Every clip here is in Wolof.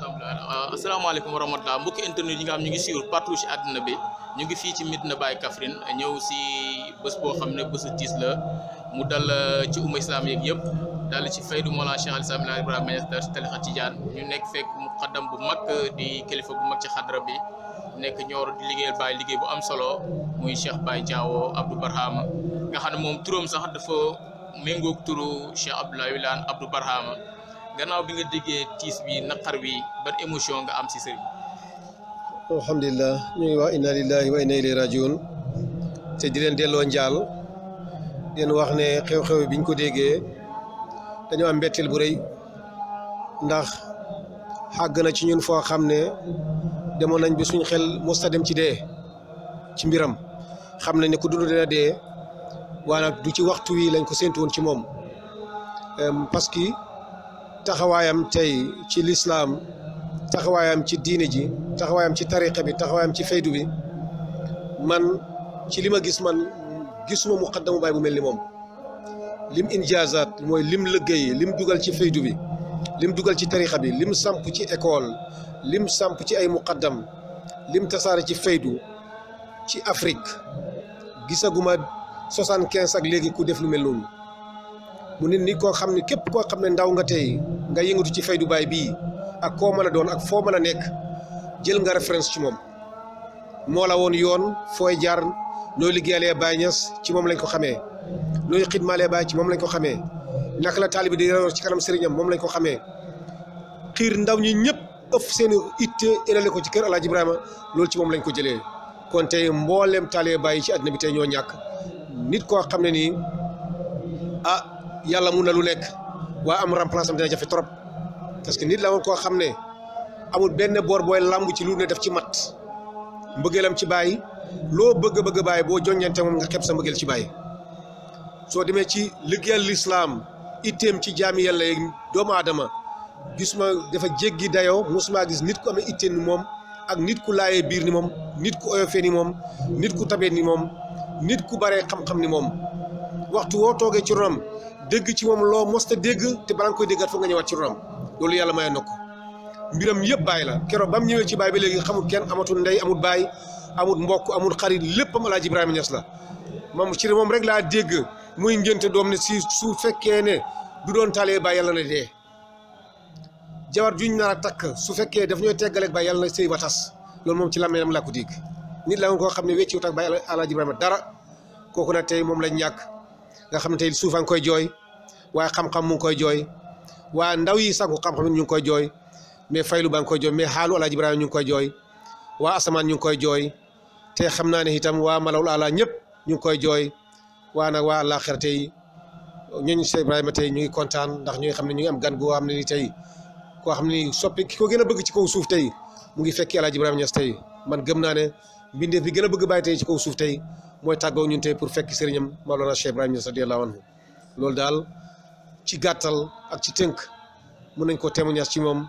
Euh, asalaamaaleykum wa rahmatulah mbokki internet yi nga xam ñu ngi suivre partout ci àdduna bi ñu ngi fii ci Médina Baye Kaffrine ñëw si bés boo xam ne bésu tiis la mu dal euh, ci umma islam yeeg yëpp dal ci faydu Mawlana Cheikh Al a Ibrahima Niass Tijaan ñu nekk fekk muqaddam bu mag di kilifa bu mag ci xadra bi nekk Nioro di liggéeyal Baye liggéey bu am solo muy Cheikh Baye Diawo Abdou Barhama nga xam ne moom turam sax dafa méngoog turu Cheikh Abdoulaye Wilane Abdou Barhama. gannaaw bi nga déggee tiis bi naqar wi ban émotion nga am si sëriñ alhamdulilah ñu ngi wax inna lillahi wa inna ilayhi rajiun te di leen delloo njaal di wax ne xew-xew biñ ko déggee dañoo am mbetteel bu rëy ndax xàgg na ci ñun foo xam ne demoon nañ bi suñ xel mosta dem ci dee ci mbiram xam nañ ne ku dund dina dee waaye nag du ci waxtu wi lañ ko séentu woon ci moom parce taxawaayam tey ci lislaam taxawaayam ci diine ji taxawaayam ci tariqa bi taxawaayam ci faydu bi man ci li ma gis man gisuma muqaddamu baay bu mel ni moom lim injaazaat mooy lim liggéey lim dugal ci faydu bi lim dugal ci tariqa bi lim samp ci école lim samp ci ay muqaddam lim tasaare ci faydu ci Afrique gisaguma soixante-quinze ak léegi ku def lu mel noonu mu nit ni koo xam ne képp koo xam ne ndaw nga tey nga yëngatu ci Faydu Baay bii ak koo mën a doon ak foo mën a nekk jël nga référence ci moom moo la woon yoon fooy jaar nooy liggéeyalee Baay Ñas ci moom lañ ko xamee nooy xidmaalee Baay ci moom lañ ko xamee naka la taalibi di reyoon ci kanam sëriñam moom lañ ko xamee xiir ndaw ñi ñëpp ëf seen itte élale ko ci kër Alaaji Ibrahima loolu ci moom lañ ko jëlee kon tey mbooleem taalee Baay yi ci àddina bi tey ñoo ñàkk nit koo xam ne nii ah, yàlla mun na lu lekk waa am remplacement dina jafe trop parce que nit la woon xam ne amul benn boor booy làmb ci lu ne def ci mat mbëggeelam ci bàyyi loo bëgg bëgg bàyyi boo joññante moom nga xeb sa mbëggeel ci bàyyi soo demee ci liggéeyal lislaam iteem ci jaami yàlla yeeg doomu aadama gis ma dafa jéggi dayoo mosuma gis nit ku amee itteem moom ak nit ku laayee biir ni moom nit ku oyofee ni moom nit ku tabee ni moom nit ku baree xam-xam ni moom waxtu woo toogee ci ronam dégg ci moom loo mos dégg te balaa nga koy déggaat foog nga ñëwaat ci ronam loolu yàlla maye na ko mbiram yëpp bàyyi la keroog ba mu ñëwee ci baay ba léegi xamul kenn amatul ndey amul baay amul mbokk amul xarit lépp am Alaaji Ibrahima Niass la moom ci moom rek laa dégg muy ngénte doom ne si su fekkee ne du doon taalee baay yàlla na dee jabar juñ nar a takk su fekkee daf ñoo teggaleeg baay yàlla na sëy ba tas loolu moom ci làmmiñam laa ko dégg nit la nga koo xam ne wecciwut ak baay Alaaji Ibrahima dara kooku nag tey moom lañ ñàkk nga xam ne tey suufa nga koy jooy waaye xam-xam mu koy jooy waa ndaw yi sànku xam-xam ñu koy jooy mais faylu baa ngi koy jooy mais xaalu alaaji ibrahima ñu ngi koy jooy waa asamaan ñu koy jooy te xam naa ne itam waa malawul ala ñëpp ñu koy jooy waa nag waa àllaaxira tey ñooñu Cheikh Ibrahima tey ñu ngi kontaan ndax ñu ngi xam ne ñu ngi am gan goo xam ne ni tey koo xam ne ni soppi ko gën a bëgg ci kaw suuf tey mu ngi fekki alaaji ibrahima ñas tey man gëm naa ne mbindeef bi gën a bëgg bàyyi tey ci kaw suuf tey mooy tàggoo ñun tey pour fekk sëriñam Maolana Cheikh Ibrahima Niass radiyallahu anhu loolu daal ci gàttal ak ci tënk mun nañ koo témoignage ci moom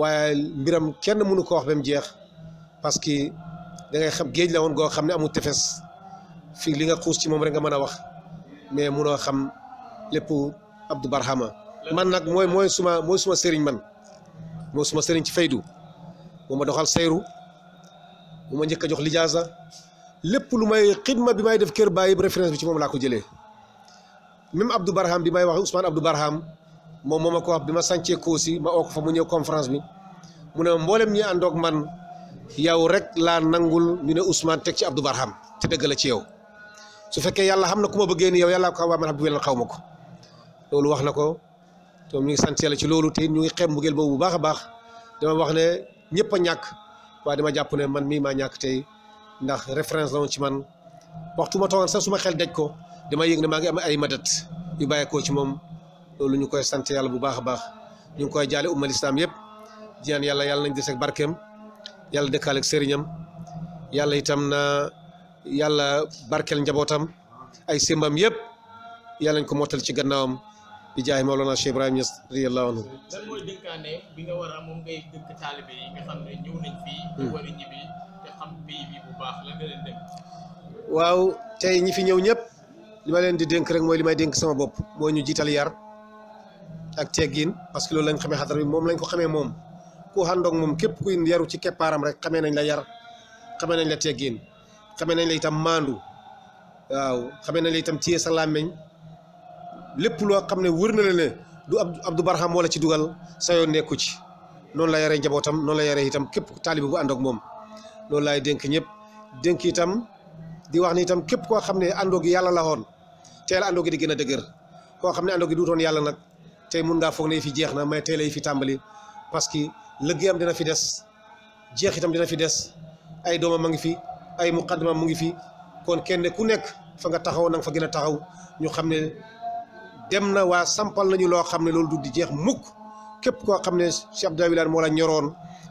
waaye mbiram kenn mënu koo wax ba mu jeex parce que da xam géej la woon goo xam ne amul tefes fii li nga xuus ci moom rek nga mën a wax mais munoo xam lépp Abdou Barhama man nag mooy mooy suma mooy suma sëriñ man mooy suma sëriñ ci faydu moo ma doxal sayru moo ma njëkk a jox lijaasa lépp lu may ma bi may def kër bàyyi référence bi ci moom laa ko jëlee même Abdou Barham bi may wax Ousmane Abdou Barham moom moo ma ko wax bi ma sàncee Koosi ma oo fa mu ñëw conférence mi mu ne mboolem ñi àndoog man yow rek laa nangul ñu ne Ousmane teg ci Abdou Barham te dëgg la ci yow su fekkee yàlla xam na ku ma bëggee ni yow yàlla ko waa man xam du xaw ma ko loolu wax na ko to ñu ngi sant yàlla ci loolu te ñu ngi xeeb mbëggeel boobu bu baax a baax dama wax ne ñëpp a ñàkk waa waaye dama jàpp ne man mii maa ñàkk tey ndax référence la woon ci man waxtu ma toogaan sax suma ma xel daj ko damay yëg ne maa ngi am ay madat yu koo ci moom loolu ñu koy sant yàlla bu baax a baax ñu ngi koy jaale ummal islaam yëpp di yàlla yàlla nañ des ak barkeem yàlla dëkkaale ak sëriñam yàlla itam na yàlla barkeel njabootam ay sémbam yëpp yàlla nañ ko mottal ci gannaawam. bi jaay Mawlana moom hmm. te ñi fi ñëw ñëpp li leen di dénk rek mooy li may dénk sama bopp moo ñu jiital yar ak teggin parce que loolu lañ xamee bi moom lañ ko xamee moom ku àndoog moom képp kuy yaru ci keppaaram rek xamee nañ la yar xamee nañ la teggin xamee nañ la itam maandu waaw xamee nañ la itam téye sa làmmiñ lépp loo xam ne wër na la ne du Abdou Barham wala ci dugal sa yoon nekku ci noonu la yare njabootam noonu la yaree itam képp taalibe bu ànd moom loolu lay dénk ñëpp dénk itam di wax ni itam képp koo xam ne àndoo yàlla la woon teel àndoo di gën a dëgër koo xam ne àndoo gi duutoon yàlla nag te mun ngaa foog ne fi jeex na mais tey lay fi tàmbali parce que am dina fi des jeex itam dina fi des ay doomam a ngi fi ay muqaddamam mu ngi fi kon kenn ku nekk fa nga taxaw fa gën a taxaw ñu xam dem na waa sampal nañu loo xam ne loolu du di jeex mukk képp koo xam ne chef de village moo la ñoroon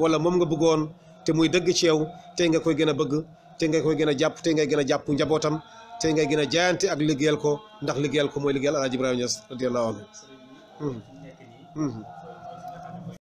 wala moom nga bëggoon te muy dëgg ci yow tey nga koy gën a bëgg te nga koy gën a jàpp tey ngay gën a jàpp njabootam te ngay gën a jaayante ak liggéeyal ko ndax liggéeyal ko mooy liggéeyal El Hadj Ibrahima Niass radiyallahu anhu hmm. Hmm.